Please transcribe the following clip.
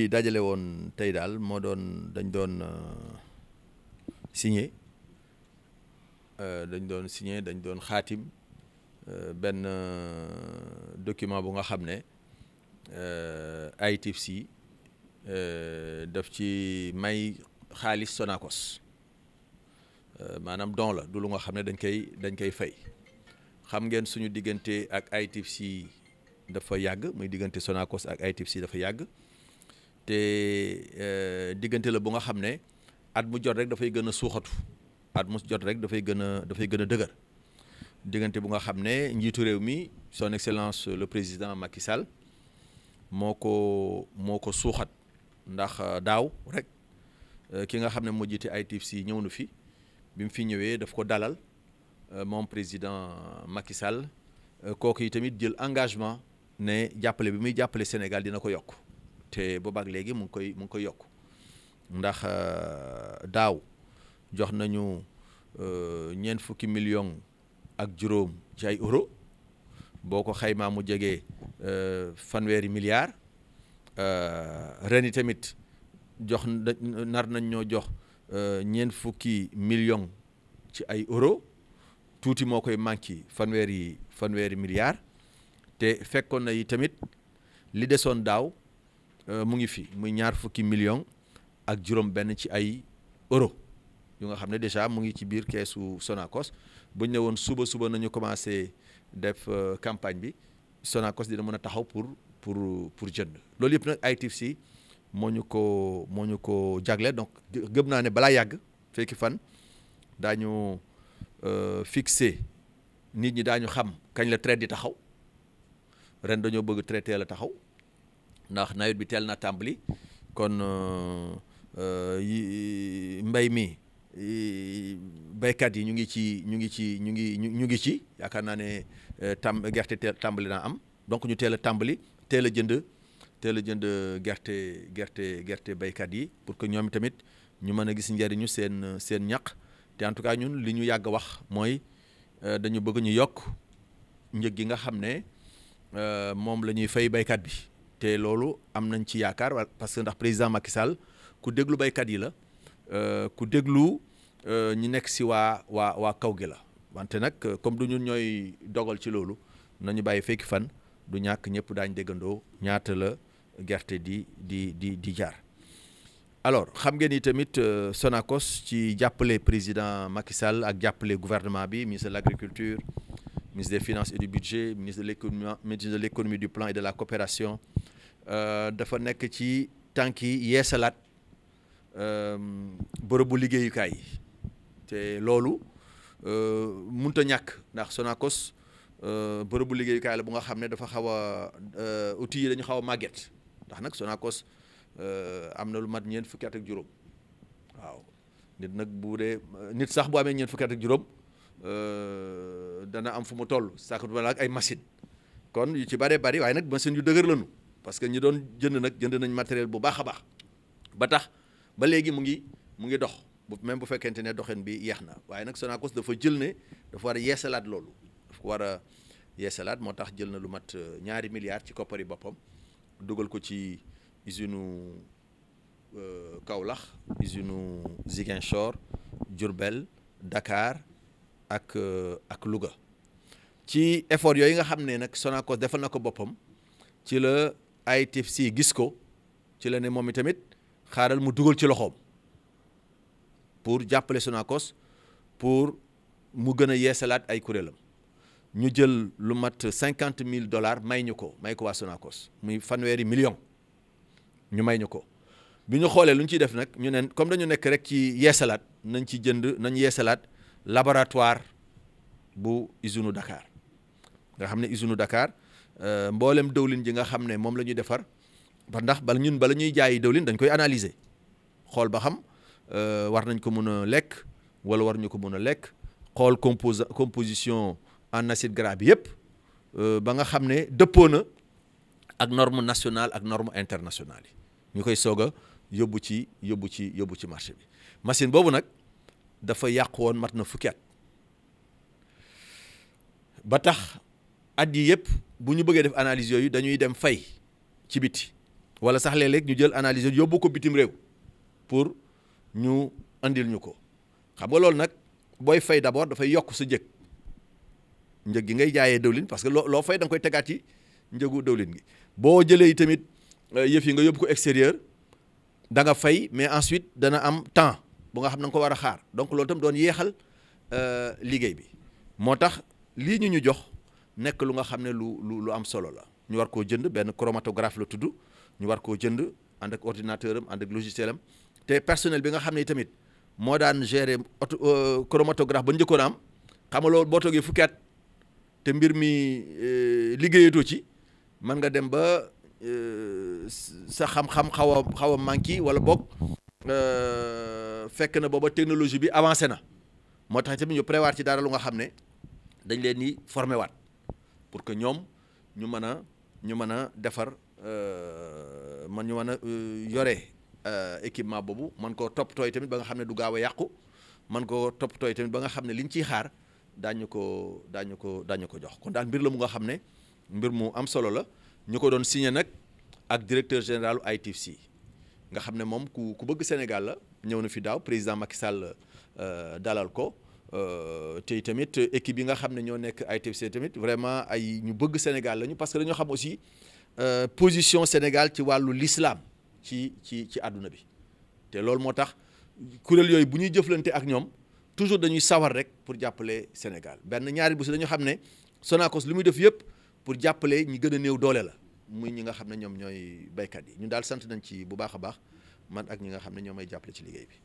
li dajale woon tey daal moo doon dañ doon euh, signé euh, dañ doon signé dañ doon xaatim euh, benn document bu nga xam ne ITFC def ci may xaalis Sonacos maanaam don la du lu nga xam ne dañ koy dañ koy fay xam ngeen suñu diggante ak ITFC dafa yàgg muy diggante sonakos ak ITFC dafa yàgg te euh, diggante la bu nga xam ne at mu jot rek dafay gën a suuxatu at mu jot rek dafay gën a dafay gën a dëgër diggante bu nga xam ne njiitu réew mi son excellence le président Macky Sall moo ko moo ko suuxat ndax euh, daaw rek euh, ki nga xam ne moo jiite ITFC ñëw na fi bi mu fi ñëwee daf ko dalal moom président Macky kooku yi tamit jël engagement ne jàppale bi muy jàppale Sénégal dina ko yokk te boobaak léegi mu ngi koy mu koy yokk ndax euh, daaw jox nañu euh, ñeent fukki million ak juróom ci ay euro boo ko xaymaa mu jege euh, fanweeri milliard ren tamit jox nar nañ ñoo jox ñeent fukki million ci ay euro tuuti moo koy manqué fanweeri fanweeri milliard te fekkoon na yi tamit li desoon daaw Euh, mu ngi fi muy ñaar fukki million ak juróom benn ci ay euro yu nga xam ne déjà mu ngi ci biir keesu Sonacos bu ñu ne woon suba suba nañu commencé def euh, campagne bi Sonacos dina mën a taxaw pour pour pour jënd loolu yëpp nag ITFC moo ñu ko moo ñu ko jagle donc gëm naa ne balaa yàgg fekki fan daañu euh, fixé nit ñi daañu xam kañ la traite di taxaw ren dañoo bëgg traité la taxaw ndax nawet bi teel na tàmbali kon euh, euh, mbay mi baykat yi ñu ngi ci ñu ngi ci ñu ngi ñu ngi ci yaakaar naa ne euh, tam gerte teel tàmbali naa am donc ñu teel a tàmbali teel a jënd teel a jënd gerte gerte gerte baykat yi pour que ñoom tamit ñu mën a gis njariñu seen seen ñaq te en tout cas ñun li ñu yàgg wax mooy dañu bëgg ñu yokk njëg gi nga xam ne moom la ñuy fay baykat bi te loolu am nañ ci yaakaar parce que ndax président Macky Sall ku déglu béykat yi la euh, ku déglu euh, ñu nekk si waa waa waa kaw gi la wante nag euh, comme du ñun ñooy dogal ci loolu nañu bàyyi fekki fan du ñàkk ñëpp daañ déggandoo ñaata la gerte di di di di jaar alors xam ngeen ni tamit Sonacos ci jàppale président Macky Sall ak jàppale gouvernement bi ministre de l' agriculture ministre des finances et du budget ministre de l' économie de du plan et de la coopération Euh, dafa nekk ci tànk yi yeesalaat euh, bërëbu liggéeyukaay yi te loolu euh, mënut a ñàkk ndax sonakos Sonacos bërëbu liggéeyukaay la bu nga xam ne dafa xaw a outils yi dañu xaw a màgget ndax nag Sonacos am na lu mat ñeent fukki at ak juróom waaw nit nag bu dee nit sax bu amee ñeent fukki at ak juróom dana am fu mu toll sakatu ak ay machine kon yu ci bare bari waaye nag machine yu dëgër lañu parce que ñi doon jënd nag jënd nañ matériel bu baax a baax ba tax ba léegi mu ngi mu ngi dox bu même bu fekkente ne doxin bi yeex na waaye nag Sonacos dafa jël ne dafa war a yeesalaat loolu dafa war a yeesalaat moo tax jël na lu mat euh, ñaari milliards ci koppari boppam dugal ko ci kawlax euh, Kaolack usine Ziguinchor jurbel dakaar ak euh, ak Louga ci effort yooyu nga xam ne nag Sonacos defal na ko boppam ci la. ITFC gis ko ci la ne moom mi tamit xaaral mu dugal ci loxoom pour jàppale Sonacos pour mu gën a yeesalaat ay kuréelam ñu jël lu mat cinquante mille dollars may ñu ko may ko waa Sonacos muy fanweeri million ñu may ñu ko bi ñu xoolee lu ñu ciy def nag ñu neen comme dañu nekk rek ci yeesalaat nañ ci jënd nañ yeesalaat laboratoire bu usine Dakar nga xam ne usine Dakar. Euh, mboolem dëwlin ji nga xam ne moom la ñuy defar ba ndax bala ñun bala ñuy jaayi dëwlin dañ koy analyser xool ba xam euh, war nañ ko mun a lekk wala war ñu ko mun a lekk xool compos composition en acide gras bi yëpp euh, ba nga xam ne dëppoo na ak norme nationale ak norme internationale yi ñu koy soog a yóbbu ci yóbbu ci yóbbu ci marché bi machine boobu nag dafa yàqu woon mat na fukki at ba tax at yi yëpp bu ñu bëggee def analyse yooyu dañuy dem fay ci biti wala sax léeg ñu jël analyse yooyu yóbbu ko bitim réew pour ñu andil ñu ko xam nga loolu nag booy fay d'abord dafay yokk sa njëg njëg gi ngay jaayee dëwlin parce que loo loo fay da koy tegaat ci njëgu dëwlin bi boo jëlee yi tamit euh, yëf yi nga yóbbu ko extérieur da nga fay mais ensuite dana am temps bu nga xam na nga ko war a xaar donc loolu tam doon yéexal euh, liggéey bi moo tax lii ñu ñu jox. nekk lu nga xam ne lu lu lu am solo la ñu war koo jënd benn chromatographe la tudd ñu war koo jënd ànd ak ordinateur am ànd ak logiciel am te personnel bi nga xam ne tamit moo daan gérer auto euh, chromatographe ba njëkkoon am xam nga loolu boo toogee fukki te mbir mi euh, liggéeyatoo ci mën nga dem ba euh, sa xam-xam xaw a xaw a manqué wala boog fekk na booba technologie bi avancé na moo tax tamit ñu prévoir ci dara lu nga xam ne dañ leen di formé waat. pour que ñoom ñu mën a ñu mën a defar euh, man ñu mën a euh, yore euh, équipement boobu man koo toppatooy tamit ba nga xam ne du gaaw a yàqu man koo toppatooy tamit ba nga xam ne liñ ciy xaar daañu ko daañu ko daañu ko jox kon daal mbir nga xam ne mbir mu am solo la ñu ko doon signé nag ak directeur général ITFC nga xam ne moom ku ku bëgg Sénégal la ñëw na fi daaw président Macky Sall dalal ko. Euh, tey tamit équipe yi nga xam ne ñoo nekk ay ITFC tamit vraiment ay ñu bëgg Sénégal lañu parce que dañoo xam aussi euh, position Sénégal ci wàllu l'islam ci ci ci àdduna bi te loolu moo tax kuréel yooyu bu ñuy jëflante ak ñoom toujours dañuy sawar rek pour jàppale Sénégal benn ñaari bu si dañoo xam ne Sonacos lu muy def yëpp pour jàppale ñi gën a néew doole la muy ñi nga xam ne ñoom ñooy béykat yi ñu daal sant nañ ci bu baax a baax man ak ñi nga xam ne ñoo may jàppale ci liggéey bi.